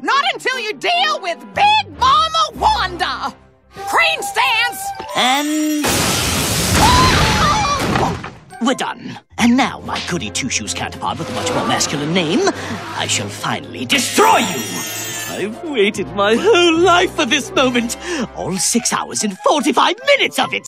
Not until you deal with Big Mama Wanda! Crane stance! And... We're done. And now, my goody two-shoes counterpart with a much more masculine name, I shall finally destroy you! I've waited my whole life for this moment. All six hours and 45 minutes of it!